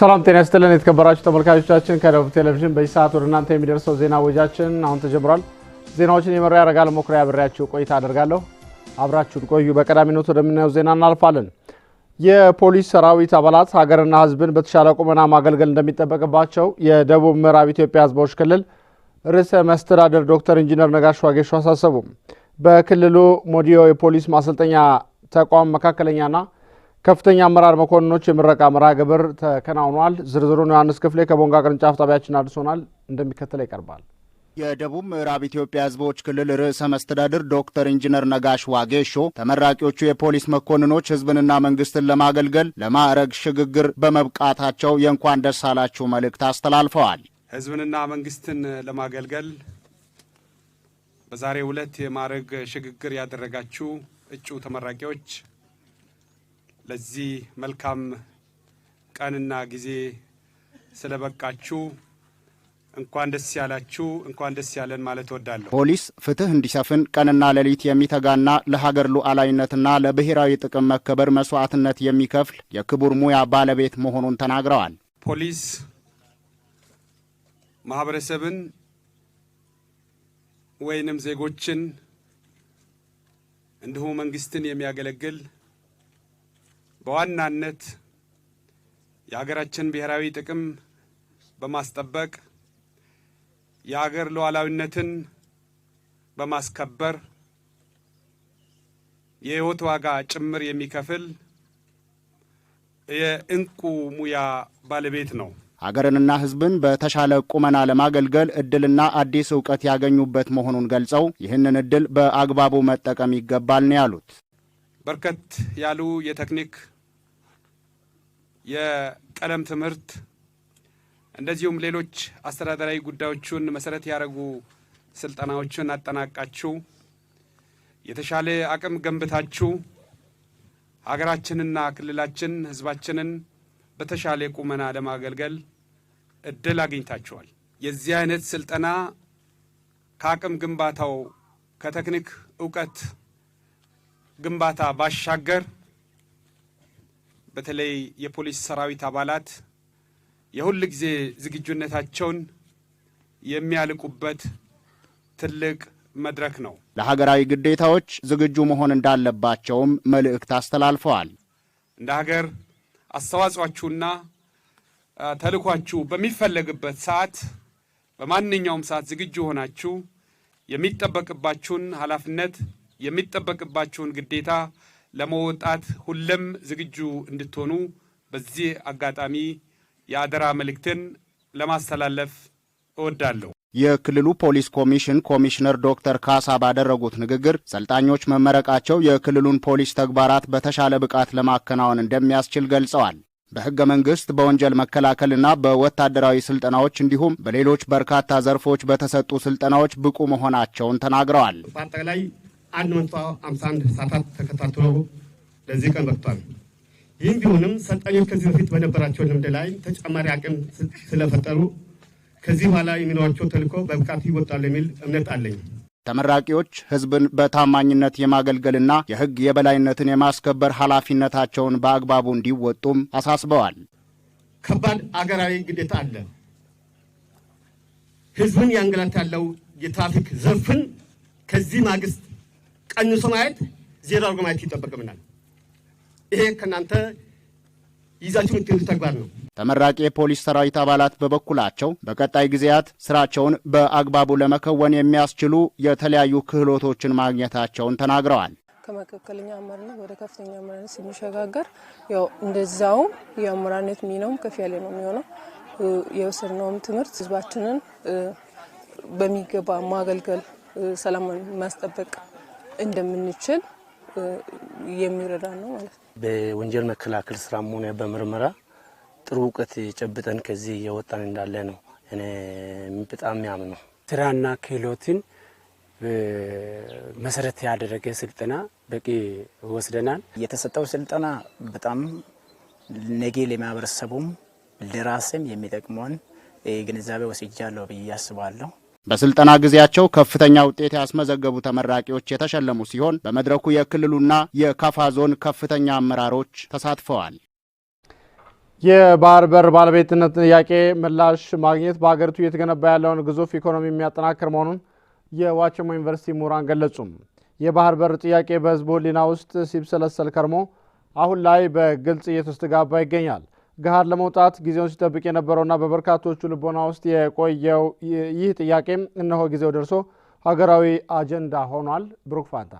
ሰላም ጤና ይስጥልን የተከበራችሁ ተመልካቾቻችን፣ ከደቡብ ቴሌቪዥን በዚህ ሰዓት ወደ እናንተ የሚደርሰው ዜና ወጃችን አሁን ተጀምሯል። ዜናዎችን የመራ ያረጋል መኩሪያ ብሬያችሁ ቆይታ አደርጋለሁ። አብራችሁን ቆዩ። በቀዳሚነት ወደምናየው ዜና እናልፋለን። የፖሊስ ሰራዊት አባላት ሀገርና ሕዝብን በተሻለ ቁመና ማገልገል እንደሚጠበቅባቸው የደቡብ ምዕራብ ኢትዮጵያ ሕዝቦች ክልል ርዕሰ መስተዳደር ዶክተር ኢንጂነር ነጋሽ ዋጌሾ አሳሰቡ። በክልሉ ሞዲዮ የፖሊስ ማሰልጠኛ ተቋም መካከለኛና ከፍተኛ አመራር መኮንኖች የምረቃ መርሃ ግብር ተከናውኗል። ዝርዝሩን ዮሐንስ ክፍሌ ከቦንጋ ቅርንጫፍ ጣቢያችን አድርሶናል፣ እንደሚከተለው ይቀርባል። የደቡብ ምዕራብ ኢትዮጵያ ሕዝቦች ክልል ርዕሰ መስተዳድር ዶክተር ኢንጂነር ነጋሽ ዋጌሾ ተመራቂዎቹ የፖሊስ መኮንኖች ሕዝብንና መንግስትን ለማገልገል ለማዕረግ ሽግግር በመብቃታቸው የእንኳን ደስ አላችሁ መልእክት አስተላልፈዋል። ሕዝብንና መንግስትን ለማገልገል በዛሬው ዕለት የማዕረግ ሽግግር ያደረጋችሁ እጩ ተመራቂዎች ለዚህ መልካም ቀንና ጊዜ ስለበቃችሁ እንኳን ደስ ያላችሁ፣ እንኳን ደስ ያለን ማለት እወዳለሁ። ፖሊስ ፍትህ እንዲሰፍን ቀንና ሌሊት የሚተጋና ለሀገር ሉዓላዊነትና ለብሔራዊ ጥቅም መከበር መስዋዕትነት የሚከፍል የክቡር ሙያ ባለቤት መሆኑን ተናግረዋል። ፖሊስ ማህበረሰብን ወይንም ዜጎችን እንዲሁም መንግስትን የሚያገለግል በዋናነት የሀገራችን ብሔራዊ ጥቅም በማስጠበቅ የሀገር ሉዓላዊነትን በማስከበር የሕይወት ዋጋ ጭምር የሚከፍል የእንቁ ሙያ ባለቤት ነው። ሀገርንና ሕዝብን በተሻለ ቁመና ለማገልገል እድልና አዲስ እውቀት ያገኙበት መሆኑን ገልጸው ይህንን እድል በአግባቡ መጠቀም ይገባል ነው ያሉት። በርከት ያሉ የቴክኒክ የቀለም ትምህርት እንደዚሁም ሌሎች አስተዳደራዊ ጉዳዮችን መሰረት ያደረጉ ስልጠናዎችን አጠናቃችሁ የተሻለ አቅም ገንብታችሁ ሀገራችንና ክልላችን ህዝባችንን በተሻለ ቁመና ለማገልገል እድል አግኝታችኋል። የዚህ አይነት ስልጠና ከአቅም ግንባታው ከቴክኒክ እውቀት ግንባታ ባሻገር በተለይ የፖሊስ ሰራዊት አባላት የሁል ጊዜ ዝግጁነታቸውን የሚያልቁበት ትልቅ መድረክ ነው። ለሀገራዊ ግዴታዎች ዝግጁ መሆን እንዳለባቸውም መልእክት አስተላልፈዋል። እንደ ሀገር አስተዋጽኦአችሁና ተልኳችሁ በሚፈለግበት ሰዓት በማንኛውም ሰዓት ዝግጁ ሆናችሁ የሚጠበቅባችሁን ኃላፊነት የሚጠበቅባቸውን ግዴታ ለመወጣት ሁለም ዝግጁ እንድትሆኑ በዚህ አጋጣሚ የአደራ መልእክትን ለማስተላለፍ እወዳለሁ። የክልሉ ፖሊስ ኮሚሽን ኮሚሽነር ዶክተር ካሳ ባደረጉት ንግግር ሰልጣኞች መመረቃቸው የክልሉን ፖሊስ ተግባራት በተሻለ ብቃት ለማከናወን እንደሚያስችል ገልጸዋል። በሕገ መንግሥት በወንጀል መከላከልና በወታደራዊ ስልጠናዎች እንዲሁም በሌሎች በርካታ ዘርፎች በተሰጡ ስልጠናዎች ብቁ መሆናቸውን ተናግረዋል። በአጠቃላይ 151 ሰዓታት ተከታትሎ ለዚህ ቀን በቅቷል። ይህም ቢሆንም ሰልጣኞች ከዚህ በፊት በነበራቸው ልምድ ላይ ተጨማሪ አቅም ስለፈጠሩ ከዚህ በኋላ የሚኖራቸው ተልእኮ በብቃት ይወጣሉ የሚል እምነት አለኝ። ተመራቂዎች ሕዝብን በታማኝነት የማገልገልና የሕግ የበላይነትን የማስከበር ኃላፊነታቸውን በአግባቡ እንዲወጡም አሳስበዋል። ከባድ አገራዊ ግዴታ አለ። ሕዝብን ያንገላት ያለው የትራፊክ ዘርፍን ከዚህ ማግስት ቀንሶ ማየት ዜሮ አድርጎ ማየት ይጠበቅብናል። ይሄ ከእናንተ ይዛችሁ የምትሄዱት ተግባር ነው። ተመራቂ የፖሊስ ሰራዊት አባላት በበኩላቸው በቀጣይ ጊዜያት ስራቸውን በአግባቡ ለመከወን የሚያስችሉ የተለያዩ ክህሎቶችን ማግኘታቸውን ተናግረዋል። ከመካከለኛ አመራርነት ወደ ከፍተኛ አመራርነት ስንሸጋገር ያው እንደዛውም የአመራርነት ሚናውም ከፍ ያለ ነው የሚሆነው። የወሰድነውም ትምህርት ህዝባችንን በሚገባ ማገልገል፣ ሰላም ማስጠበቅ እንደምንችል የሚረዳ ነው ማለት ነው። በወንጀል መከላከል ስራም ሆነ በምርመራ ጥሩ እውቀት ጨብጠን ከዚህ እየወጣን እንዳለ ነው እኔ በጣም የሚያምነው። ስራና ክህሎትን መሰረት ያደረገ ስልጠና በቂ ወስደናል። የተሰጠው ስልጠና በጣም ነገ ለማህበረሰቡም ለራስም የሚጠቅመውን ግንዛቤ ወስጃለሁ ብዬ አስባለሁ። በስልጠና ጊዜያቸው ከፍተኛ ውጤት ያስመዘገቡ ተመራቂዎች የተሸለሙ ሲሆን በመድረኩ የክልሉና የካፋ ዞን ከፍተኛ አመራሮች ተሳትፈዋል። የባህር በር ባለቤትነት ጥያቄ ምላሽ ማግኘት በሀገሪቱ እየተገነባ ያለውን ግዙፍ ኢኮኖሚ የሚያጠናክር መሆኑን የዋቸሞ ዩኒቨርሲቲ ምሁራን ገለጹም። የባህር በር ጥያቄ በህዝቡ ህሊና ውስጥ ሲብሰለሰል ከርሞ አሁን ላይ በግልጽ እየተስተጋባ ይገኛል። ገሃድ ለመውጣት ጊዜውን ሲጠብቅ የነበረውና በበርካቶቹ ልቦና ውስጥ የቆየው ይህ ጥያቄ እነሆ ጊዜው ደርሶ ሀገራዊ አጀንዳ ሆኗል። ብሩክ ፋንታ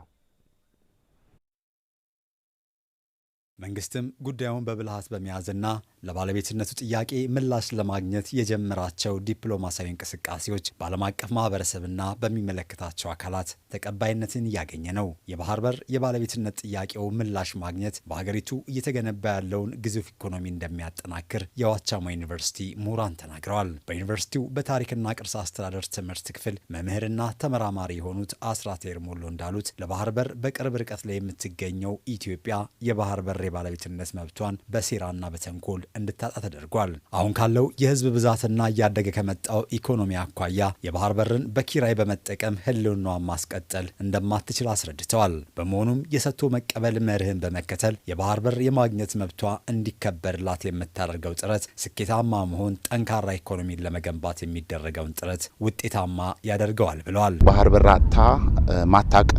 መንግስትም ጉዳዩን በብልሃት በመያዝና ለባለቤትነቱ ጥያቄ ምላሽ ለማግኘት የጀመራቸው ዲፕሎማሲያዊ እንቅስቃሴዎች በዓለም አቀፍ ማህበረሰብና በሚመለከታቸው አካላት ተቀባይነትን እያገኘ ነው። የባህር በር የባለቤትነት ጥያቄው ምላሽ ማግኘት በሀገሪቱ እየተገነባ ያለውን ግዙፍ ኢኮኖሚ እንደሚያጠናክር የዋቻማ ዩኒቨርሲቲ ምሁራን ተናግረዋል። በዩኒቨርሲቲው በታሪክና ቅርስ አስተዳደር ትምህርት ክፍል መምህርና ተመራማሪ የሆኑት አስራት ኤርሞሎ እንዳሉት ለባህር በር በቅርብ ርቀት ላይ የምትገኘው ኢትዮጵያ የባህር በር የባለቤትነት መብቷን በሴራና በተንኮል እንድታጣ ተደርጓል። አሁን ካለው የህዝብ ብዛትና እያደገ ከመጣው ኢኮኖሚ አኳያ የባህር በርን በኪራይ በመጠቀም ህልውናዋን ማስቀጠል እንደማትችል አስረድተዋል። በመሆኑም የሰጥቶ መቀበል መርህን በመከተል የባህር በር የማግኘት መብቷ እንዲከበርላት የምታደርገው ጥረት ስኬታማ መሆን ጠንካራ ኢኮኖሚን ለመገንባት የሚደረገውን ጥረት ውጤታማ ያደርገዋል ብለዋል። ባህር በር አታ ማታቅ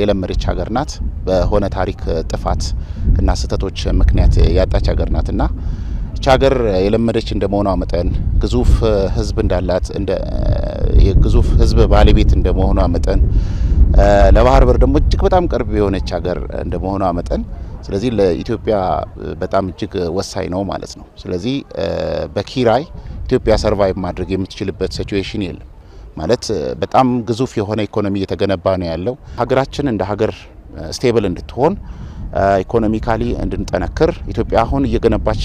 የለመደች ሀገር ናት። በሆነ ታሪክ ጥፋት እና ስህተቶች ምክንያት ያጣች ሀገር ናትና እቺ ሀገር የለመደች እንደመሆኗ መጠን ግዙፍ ህዝብ እንዳላት እንደ የግዙፍ ህዝብ ባለቤት እንደመሆኗ መጠን ለባህር በር ደግሞ እጅግ በጣም ቅርብ የሆነች ሀገር እንደመሆኗ መጠን ስለዚህ ለኢትዮጵያ በጣም እጅግ ወሳኝ ነው ማለት ነው። ስለዚህ በኪራይ ኢትዮጵያ ሰርቫይቭ ማድረግ የምትችልበት ሲትዌሽን የለም ማለት በጣም ግዙፍ የሆነ ኢኮኖሚ እየተገነባ ነው ያለው። ሀገራችን እንደ ሀገር ስቴብል እንድትሆን ኢኮኖሚካሊ እንድንጠነክር ኢትዮጵያ አሁን እየገነባች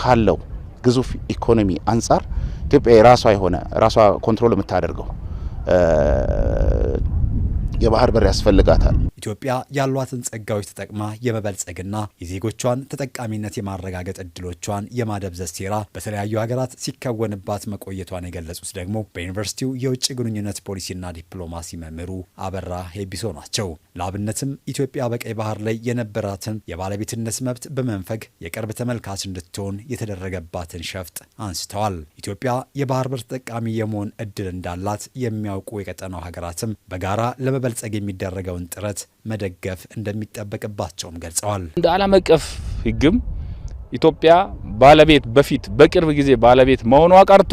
ካለው ግዙፍ ኢኮኖሚ አንጻር ኢትዮጵያ የራሷ የሆነ ራሷ ኮንትሮል የምታደርገው የባህር በር ያስፈልጋታል። ኢትዮጵያ ያሏትን ጸጋዎች ተጠቅማ የመበልጸግና የዜጎቿን ተጠቃሚነት የማረጋገጥ እድሎቿን የማደብዘዝ ሴራ በተለያዩ ሀገራት ሲከወንባት መቆየቷን የገለጹት ደግሞ በዩኒቨርሲቲው የውጭ ግንኙነት ፖሊሲና ዲፕሎማሲ መምህሩ አበራ ሄቢሶ ናቸው። ለአብነትም ኢትዮጵያ በቀይ ባህር ላይ የነበራትን የባለቤትነት መብት በመንፈግ የቅርብ ተመልካች እንድትሆን የተደረገባትን ሸፍጥ አንስተዋል። ኢትዮጵያ የባህር በር ተጠቃሚ የመሆን እድል እንዳላት የሚያውቁ የቀጠናው ሀገራትም በጋራ ለመበ ለመበልጸግ የሚደረገውን ጥረት መደገፍ እንደሚጠበቅባቸውም ገልጸዋል። እንደ ዓለም አቀፍ ሕግም ኢትዮጵያ ባለቤት በፊት በቅርብ ጊዜ ባለቤት መሆኗ ቀርቶ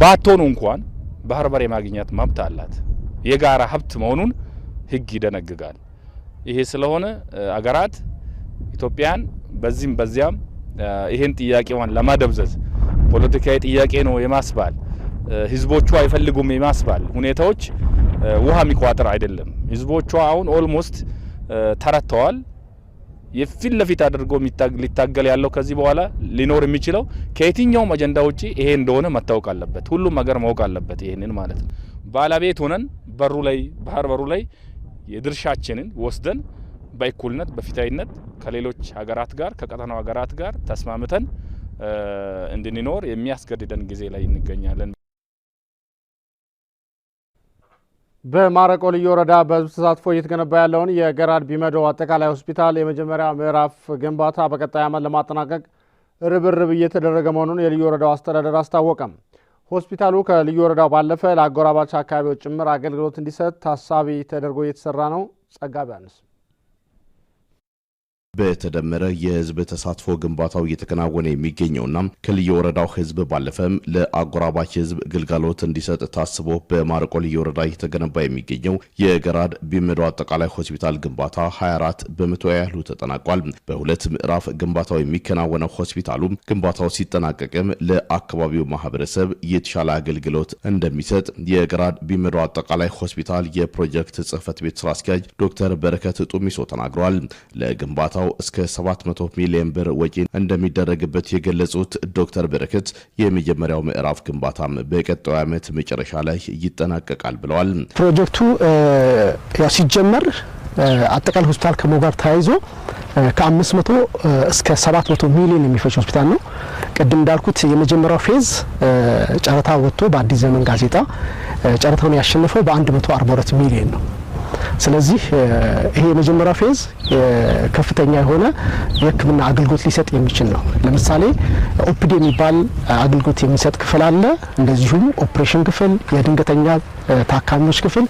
ባትሆኑ እንኳን ባህር በር የማግኘት መብት አላት። የጋራ ሀብት መሆኑን ሕግ ይደነግጋል። ይሄ ስለሆነ አገራት ኢትዮጵያን በዚህም በዚያም ይሄን ጥያቄዋን ለማደብዘዝ ፖለቲካዊ ጥያቄ ነው የማስባል ህዝቦቹ አይፈልጉም የማስባል ሁኔታዎች ውሃ የሚቋጥር አይደለም። ህዝቦቿ አሁን ኦልሞስት ተረድተዋል። የፊት ለፊት አድርጎ ሊታገል ያለው ከዚህ በኋላ ሊኖር የሚችለው ከየትኛውም አጀንዳ ውጭ ይሄ እንደሆነ መታወቅ አለበት። ሁሉም ሀገር ማወቅ አለበት። ይሄንን ማለት ነው። ባለቤት ሆነን በሩ ላይ ባህር በሩ ላይ የድርሻችንን ወስደን በእኩልነት በፊታዊነት ከሌሎች ሀገራት ጋር ከቀጠናው ሀገራት ጋር ተስማምተን እንድንኖር የሚያስገድደን ጊዜ ላይ እንገኛለን። በማረቆ ልዩ ወረዳ በህዝብ ተሳትፎ እየተገነባ ያለውን የገራድ ቢመዶ አጠቃላይ ሆስፒታል የመጀመሪያ ምዕራፍ ግንባታ በቀጣይ ዓመት ለማጠናቀቅ ርብርብ እየተደረገ መሆኑን የልዩ ወረዳው አስተዳደር አስታወቀም። ሆስፒታሉ ከልዩ ወረዳው ባለፈ ለአጎራባች አካባቢዎች ጭምር አገልግሎት እንዲሰጥ ታሳቢ ተደርጎ እየተሰራ ነው። ጸጋቢ አንስ በተደመረ የህዝብ ተሳትፎ ግንባታው እየተከናወነ የሚገኘውና ከልዩ ወረዳው ህዝብ ባለፈም ለአጎራባች ህዝብ ግልጋሎት እንዲሰጥ ታስቦ በማረቆ ልዩ ወረዳ እየተገነባ የሚገኘው የገራድ ቢመዶ አጠቃላይ ሆስፒታል ግንባታ 24 በመቶ ያህሉ ተጠናቋል። በሁለት ምዕራፍ ግንባታው የሚከናወነው ሆስፒታሉ ግንባታው ሲጠናቀቅም ለአካባቢው ማህበረሰብ የተሻለ አገልግሎት እንደሚሰጥ የገራድ ቢመዶ አጠቃላይ ሆስፒታል የፕሮጀክት ጽህፈት ቤት ስራ አስኪያጅ ዶክተር በረከት ጡሚሶ ተናግረዋል። ለግንባታው ሕክምናው እስከ 700 ሚሊዮን ብር ወጪ እንደሚደረግበት የገለጹት ዶክተር በረከት የመጀመሪያው ምዕራፍ ግንባታም በቀጣዩ ዓመት መጨረሻ ላይ ይጠናቀቃል ብለዋል። ፕሮጀክቱ ያው ሲጀመር አጠቃላይ ሆስፒታል ከመሆኑ ጋር ተያይዞ ከ500 እስከ 700 ሚሊዮን የሚፈጅ ሆስፒታል ነው። ቅድም እንዳልኩት የመጀመሪያው ፌዝ ጨረታ ወጥቶ በአዲስ ዘመን ጋዜጣ ጨረታውን ያሸነፈው በ142 ሚሊዮን ነው። ስለዚህ ይሄ የመጀመሪያ ፌዝ ከፍተኛ የሆነ የሕክምና አገልግሎት ሊሰጥ የሚችል ነው። ለምሳሌ ኦፒዲ የሚባል አገልግሎት የሚሰጥ ክፍል አለ። እንደዚሁም ኦፕሬሽን ክፍል፣ የድንገተኛ ታካሚዎች ክፍል፣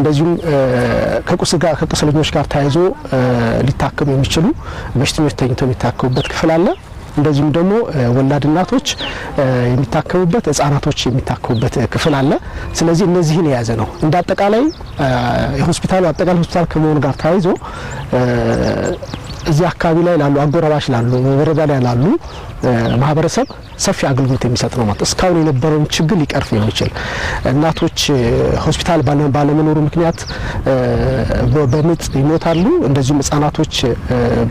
እንደዚሁም ከቁስለኞች ጋር ተያይዞ ሊታከሙ የሚችሉ በሽተኞች ተኝተው የሚታከሙበት ክፍል አለ። እንደዚሁም ደግሞ ወላድ እናቶች የሚታከሙበት፣ ህጻናቶች የሚታከሙበት ክፍል አለ። ስለዚህ እነዚህን የያዘ ነው። እንደ አጠቃላይ የሆስፒታሉ አጠቃላይ ሆስፒታል ከመሆኑ ጋር ተያይዞ እዚህ አካባቢ ላይ ላሉ አጎራባሽ ላሉ ወረዳ ላይ ላሉ ማህበረሰብ ሰፊ አገልግሎት የሚሰጥ ነው ማለት እስካሁን የነበረውን ችግር ሊቀርፍ የሚችል እናቶች ሆስፒታል ባለመኖሩ ምክንያት በምጥ ይሞታሉ። እንደዚሁም ህጻናቶች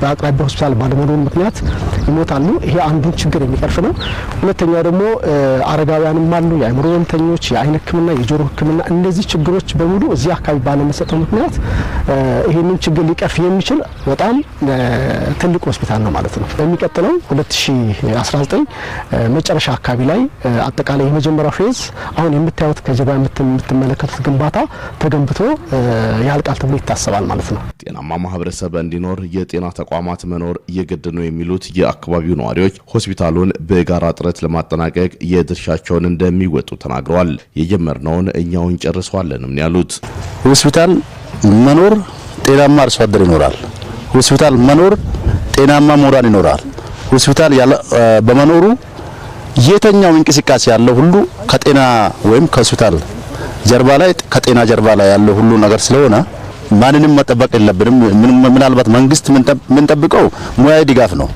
በአቅራቢያ ሆስፒታል ባለመኖሩ ምክንያት ይሞታሉ። ይሄ አንዱን ችግር የሚቀርፍ ነው። ሁለተኛው ደግሞ አረጋውያንም አሉ፣ የአእምሮ ህመምተኞች፣ የአይን ህክምና፣ የጆሮ ህክምና እነዚህ ችግሮች በሙሉ እዚህ አካባቢ ባለመሰጠው ምክንያት ይህንን ችግር ሊቀርፍ የሚችል በጣም ትልቅ ሆስፒታል ነው ማለት ነው። በሚቀጥለው 2000 2019 መጨረሻ አካባቢ ላይ አጠቃላይ የመጀመሪያው ፌዝ አሁን የምታዩት ከዚህ ጋር የምትመለከቱት ግንባታ ተገንብቶ ያልቃል ተብሎ ይታሰባል ማለት ነው። ጤናማ ማህበረሰብ እንዲኖር የጤና ተቋማት መኖር የግድ ነው የሚሉት የአካባቢው ነዋሪዎች ሆስፒታሉን በጋራ ጥረት ለማጠናቀቅ የድርሻቸውን እንደሚወጡ ተናግረዋል። የጀመርነውን እኛውን ጨርሰዋለንም ያሉት ሆስፒታል መኖር ጤናማ አርሶ አደር ይኖራል። ሆስፒታል መኖር ጤናማ ምሁራን ይኖራል። ሆስፒታል ያለ በመኖሩ የተኛው እንቅስቃሴ ያለው ሁሉ ከጤና ወይም ከሆስፒታል ጀርባ ላይ ከጤና ጀርባ ላይ ያለው ሁሉ ነገር ስለሆነ ማንንም መጠበቅ የለብንም። ምናልባት መንግስት የምንጠብቀው ሙያዊ ድጋፍ ነው፣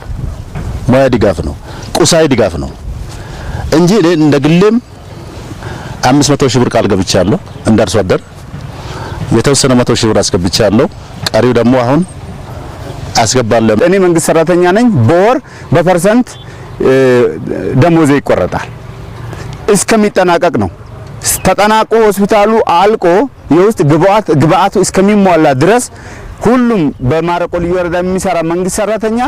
ሙያዊ ድጋፍ ነው፣ ቁሳዊ ድጋፍ ነው እንጂ እኔ እንደ ግሌም 500 ሺህ ብር ቃል ገብቻለሁ። እንደ አርሶ አደር የተወሰነ 100 ሺህ ብር አስገብቻለሁ። ቀሪው ደግሞ አሁን አስገባለሁ። እኔ መንግስት ሰራተኛ ነኝ። በወር በፐርሰንት ደሞዜ ይቆረጣል። እስከሚጠናቀቅ ነው። ተጠናቆ ሆስፒታሉ አልቆ የውስጥ ግብአት ግብአቱ እስከሚሟላ ድረስ ሁሉም በማረቆ ልዩ ወረዳ የሚሰራ መንግስት ሰራተኛ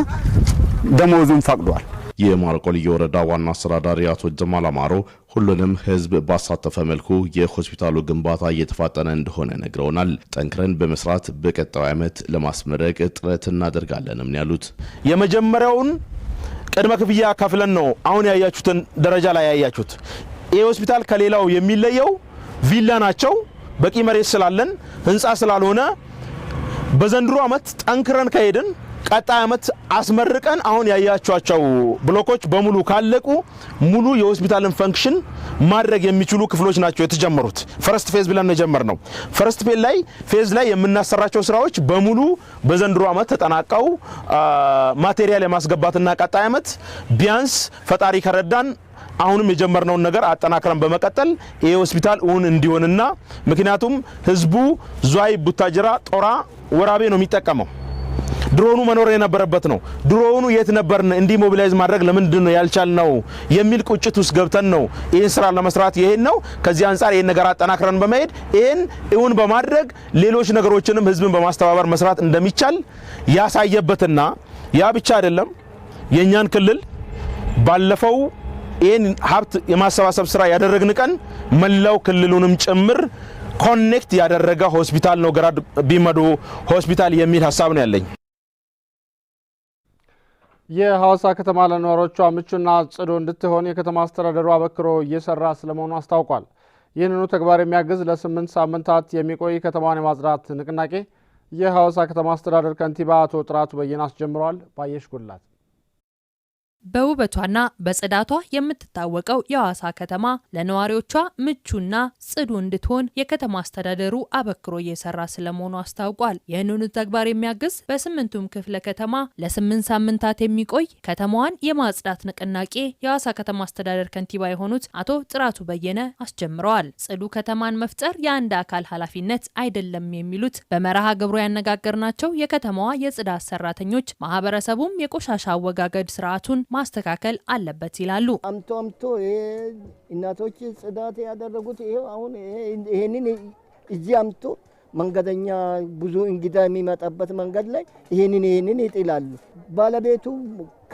ደሞዙን ፈቅዷል። የማረቆ ልዩ ወረዳ ዋና አስተዳዳሪ አቶ ጀማል አማሮ ሁሉንም ህዝብ ባሳተፈ መልኩ የሆስፒታሉ ግንባታ እየተፋጠነ እንደሆነ ነግረውናል። ጠንክረን በመስራት በቀጣዩ ዓመት ለማስመረቅ ጥረት እናደርጋለንም ነው ያሉት። የመጀመሪያውን ቅድመ ክፍያ ከፍለን ነው አሁን ያያችሁትን ደረጃ ላይ ያያችሁት። ይህ ሆስፒታል ከሌላው የሚለየው ቪላ ናቸው። በቂ መሬት ስላለን ህንፃ ስላልሆነ በዘንድሮ ዓመት ጠንክረን ከሄድን ቀጣይ ዓመት አስመርቀን አሁን ያያቸዋቸው ብሎኮች በሙሉ ካለቁ ሙሉ የሆስፒታልን ፈንክሽን ማድረግ የሚችሉ ክፍሎች ናቸው የተጀመሩት። ፈረስት ፌዝ ብለን የጀመር ነው። ፈረስት ፌዝ ላይ ፌዝ ላይ የምናሰራቸው ስራዎች በሙሉ በዘንድሮ ዓመት ተጠናቀው ማቴሪያል የማስገባትና ቀጣይ ዓመት ቢያንስ ፈጣሪ ከረዳን አሁንም የጀመርነውን ነገር አጠናክረን በመቀጠል ይሄ ሆስፒታል እውን እንዲሆንና ምክንያቱም ህዝቡ ዙይ ቡታጅራ፣ ጦራ፣ ወራቤ ነው የሚጠቀመው ድሮኑ መኖር የነበረበት ነው። ድሮኑ የት ነበርን? እንዲህ ሞቢላይዝ ማድረግ ለምንድን ነው ያልቻልነው? የሚል ቁጭት ውስጥ ገብተን ነው ይህን ስራ ለመስራት ይሄን ነው። ከዚህ አንጻር ይህን ነገር አጠናክረን በመሄድ ይህን እውን በማድረግ ሌሎች ነገሮችንም ህዝብን በማስተባበር መስራት እንደሚቻል ያሳየበትና ያ ብቻ አይደለም የእኛን ክልል ባለፈው ይህን ሀብት የማሰባሰብ ስራ ያደረግን ቀን መላው ክልሉንም ጭምር ኮኔክት ያደረገ ሆስፒታል ነው ገራድ ቢመዶ ሆስፒታል የሚል ሀሳብ ነው ያለኝ። የሐዋሳ ከተማ ለነዋሪዎቿ ምቹና ጽዱ እንድትሆን የከተማ አስተዳደሩ አበክሮ እየሰራ ስለመሆኑ አስታውቋል። ይህንኑ ተግባር የሚያግዝ ለስምንት ሳምንታት የሚቆይ ከተማዋን የማጽዳት ንቅናቄ የሐዋሳ ከተማ አስተዳደር ከንቲባ አቶ ጥራቱ በየነ አስጀምረዋል። ባየሽ ጉላት በውበቷና በጽዳቷ የምትታወቀው የሐዋሳ ከተማ ለነዋሪዎቿ ምቹና ጽዱ እንድትሆን የከተማ አስተዳደሩ አበክሮ እየሰራ ስለመሆኑ አስታውቋል። ይህንኑ ተግባር የሚያግዝ በስምንቱም ክፍለ ከተማ ለስምንት ሳምንታት የሚቆይ ከተማዋን የማጽዳት ንቅናቄ የሐዋሳ ከተማ አስተዳደር ከንቲባ የሆኑት አቶ ጥራቱ በየነ አስጀምረዋል። ጽዱ ከተማን መፍጠር የአንድ አካል ኃላፊነት አይደለም የሚሉት በመርሃ ግብሩ ያነጋገርናቸው የከተማዋ የጽዳት ሰራተኞች ማህበረሰቡም የቆሻሻ አወጋገድ ስርዓቱን ማስተካከል አለበት ይላሉ። አምቶ አምቶ እናቶች ጽዳት ያደረጉት ይሄው አሁን ይሄንን እዚህ አምቶ መንገደኛ ብዙ እንግዳ የሚመጣበት መንገድ ላይ ይህንን ይሄንን ይጥላሉ። ባለቤቱ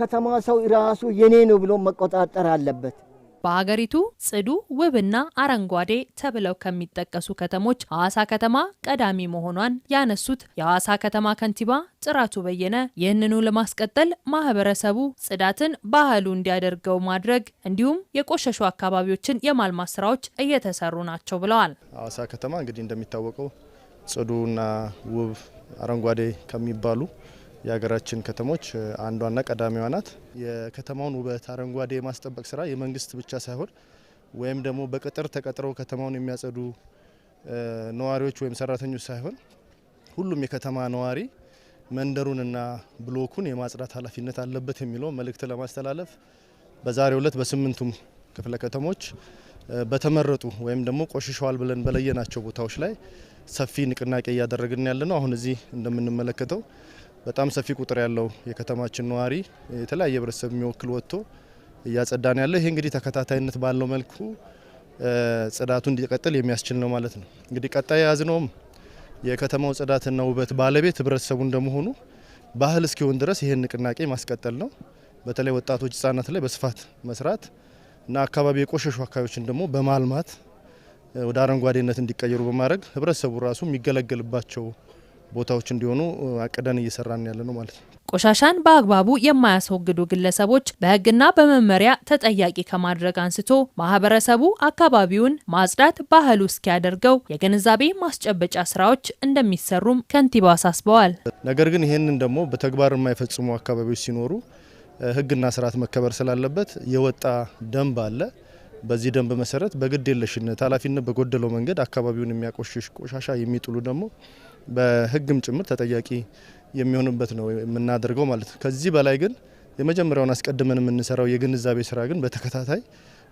ከተማ ሰው ራሱ የኔ ነው ብሎ መቆጣጠር አለበት። በሀገሪቱ ጽዱ ውብና አረንጓዴ ተብለው ከሚጠቀሱ ከተሞች ሐዋሳ ከተማ ቀዳሚ መሆኗን ያነሱት የሐዋሳ ከተማ ከንቲባ ጥራቱ በየነ ይህንኑ ለማስቀጠል ማህበረሰቡ ጽዳትን ባህሉ እንዲያደርገው ማድረግ እንዲሁም የቆሸሹ አካባቢዎችን የማልማት ስራዎች እየተሰሩ ናቸው ብለዋል። ሐዋሳ ከተማ እንግዲህ እንደሚታወቀው ጽዱና ውብ አረንጓዴ ከሚባሉ የሀገራችን ከተሞች አንዷና ቀዳሚዋ ናት። የከተማውን ውበት አረንጓዴ የማስጠበቅ ስራ የመንግስት ብቻ ሳይሆን ወይም ደግሞ በቅጥር ተቀጥረው ከተማውን የሚያጸዱ ነዋሪዎች ወይም ሰራተኞች ሳይሆን ሁሉም የከተማ ነዋሪ መንደሩንና ብሎኩን የማጽዳት ኃላፊነት አለበት የሚለው መልእክት ለማስተላለፍ በዛሬው ዕለት በስምንቱም ክፍለ ከተሞች በተመረጡ ወይም ደግሞ ቆሽሸዋል ብለን በለየናቸው ቦታዎች ላይ ሰፊ ንቅናቄ እያደረግን ያለ ነው። አሁን እዚህ እንደምንመለከተው በጣም ሰፊ ቁጥር ያለው የከተማችን ነዋሪ የተለያየ ህብረተሰብ የሚወክል ወጥቶ እያጸዳን ያለው ይሄ እንግዲህ ተከታታይነት ባለው መልኩ ጽዳቱ እንዲቀጥል የሚያስችል ነው ማለት ነው። እንግዲህ ቀጣይ የያዝነውም የከተማው ጽዳትና ውበት ባለቤት ህብረተሰቡ እንደመሆኑ ባህል እስኪሆን ድረስ ይህን ንቅናቄ ማስቀጠል ነው። በተለይ ወጣቶች፣ ህጻናት ላይ በስፋት መስራት እና አካባቢ የቆሸሹ አካባቢዎችን ደግሞ በማልማት ወደ አረንጓዴነት እንዲቀየሩ በማድረግ ህብረተሰቡ ራሱ የሚገለገልባቸው ቦታዎች እንዲሆኑ አቅደን እየሰራን ያለ ነው ማለት ነው። ቆሻሻን በአግባቡ የማያስወግዱ ግለሰቦች በሕግና በመመሪያ ተጠያቂ ከማድረግ አንስቶ ማህበረሰቡ አካባቢውን ማጽዳት ባህሉ እስኪያደርገው የግንዛቤ ማስጨበጫ ስራዎች እንደሚሰሩም ከንቲባው አሳስበዋል። ነገር ግን ይህንን ደግሞ በተግባር የማይፈጽሙ አካባቢዎች ሲኖሩ ሕግና ስርዓት መከበር ስላለበት የወጣ ደንብ አለ። በዚህ ደንብ መሰረት በግድ የለሽነት ኃላፊነት በጎደለው መንገድ አካባቢውን የሚያቆሽሽ ቆሻሻ የሚጥሉ ደግሞ በህግም ጭምር ተጠያቂ የሚሆንበት ነው የምናደርገው ማለት ነው። ከዚህ በላይ ግን የመጀመሪያውን አስቀድመን የምንሰራው የግንዛቤ ስራ ግን በተከታታይ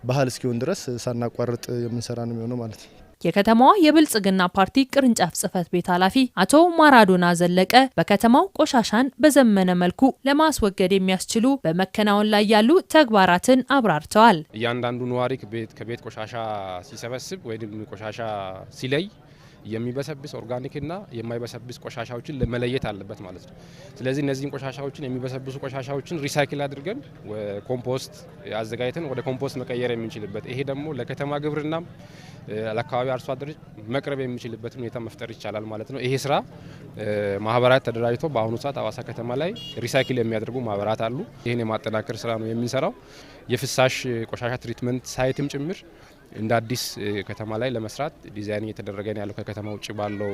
ባህል እስኪሆን ድረስ ሳናቋርጥ የምንሰራ ነው የሚሆነው ማለት ነው። የከተማዋ የብልጽግና ፓርቲ ቅርንጫፍ ጽህፈት ቤት ኃላፊ አቶ ማራዶና ዘለቀ በከተማው ቆሻሻን በዘመነ መልኩ ለማስወገድ የሚያስችሉ በመከናወን ላይ ያሉ ተግባራትን አብራርተዋል። እያንዳንዱ ነዋሪ ከቤት ቆሻሻ ሲሰበስብ ወይም ቆሻሻ ሲለይ የሚበሰብስ ኦርጋኒክና የማይበሰብስ ቆሻሻዎችን መለየት አለበት ማለት ነው። ስለዚህ እነዚህን ቆሻሻዎችን የሚበሰብሱ ቆሻሻዎችን ሪሳይክል አድርገን ኮምፖስት አዘጋጅተን ወደ ኮምፖስት መቀየር የምንችልበት ይሄ ደግሞ ለከተማ ግብርናም ለአካባቢ አርሶ አደሮች መቅረብ የሚችልበት ሁኔታ መፍጠር ይቻላል ማለት ነው። ይሄ ስራ ማህበራት ተደራጅቶ በአሁኑ ሰዓት አዋሳ ከተማ ላይ ሪሳይክል የሚያደርጉ ማህበራት አሉ። ይህን የማጠናከር ስራ ነው የምንሰራው የፍሳሽ ቆሻሻ ትሪትመንት ሳይትም ጭምር እንደ አዲስ ከተማ ላይ ለመስራት ዲዛይን እየተደረገ ነው ያለው ከከተማ ውጭ ባለው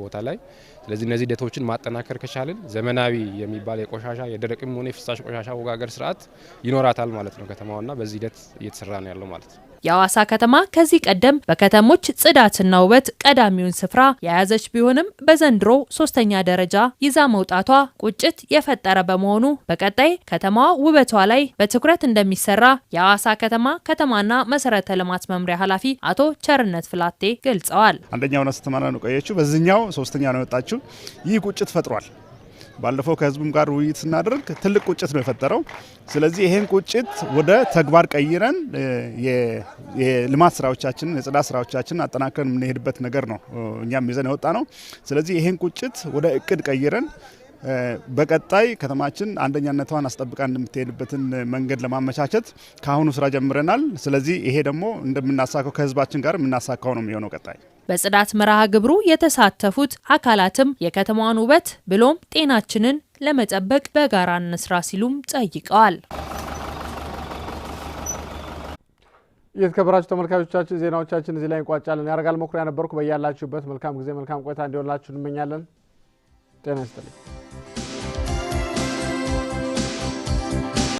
ቦታ ላይ። ስለዚህ እነዚህ ሂደቶችን ማጠናከር ከቻልን ዘመናዊ የሚባል የቆሻሻ የደረቅም ሆነ የፍሳሽ ቆሻሻ ወጋገር ስርዓት ይኖራታል ማለት ነው ከተማዋና በዚህ ሂደት እየተሰራ ነው ያለው ማለት ነው። የአዋሳ ከተማ ከዚህ ቀደም በከተሞች ጽዳትና ውበት ቀዳሚውን ስፍራ የያዘች ቢሆንም በዘንድሮ ሶስተኛ ደረጃ ይዛ መውጣቷ ቁጭት የፈጠረ በመሆኑ በቀጣይ ከተማዋ ውበቷ ላይ በትኩረት እንደሚሰራ የአዋሳ ከተማ ከተማና መሰረተ ልማት መምሪያ ኃላፊ አቶ ቸርነት ፍላቴ ገልጸዋል። አንደኛውን አስተማሪ ነው ቆየችው፣ በዚህኛው ሶስተኛ ነው የወጣችው። ይህ ቁጭት ፈጥሯል። ባለፈው ከህዝቡም ጋር ውይይት ስናደርግ ትልቅ ቁጭት ነው የፈጠረው። ስለዚህ ይሄን ቁጭት ወደ ተግባር ቀይረን የልማት ስራዎቻችንን የጽዳት ስራዎቻችንን አጠናክረን የምንሄድበት ነገር ነው እኛም ይዘን የወጣ ነው። ስለዚህ ይሄን ቁጭት ወደ እቅድ ቀይረን በቀጣይ ከተማችን አንደኛነቷን አስጠብቃ እንደምትሄድበትን መንገድ ለማመቻቸት ከአሁኑ ስራ ጀምረናል። ስለዚህ ይሄ ደግሞ እንደምናሳካው ከህዝባችን ጋር የምናሳካው ነው የሚሆነው ቀጣይ በጽዳት መርሃ ግብሩ የተሳተፉት አካላትም የከተማዋን ውበት ብሎም ጤናችንን ለመጠበቅ በጋራ እንስራ ሲሉም ጠይቀዋል። የተከበራችሁ ተመልካቾቻችን ዜናዎቻችን እዚህ ላይ እንቋጫለን። ያደረጋል መኩሪያ ነበርኩ። በያላችሁበት መልካም ጊዜ መልካም ቆይታ እንዲሆንላችሁ እንመኛለን። ጤና ይስጥልኝ።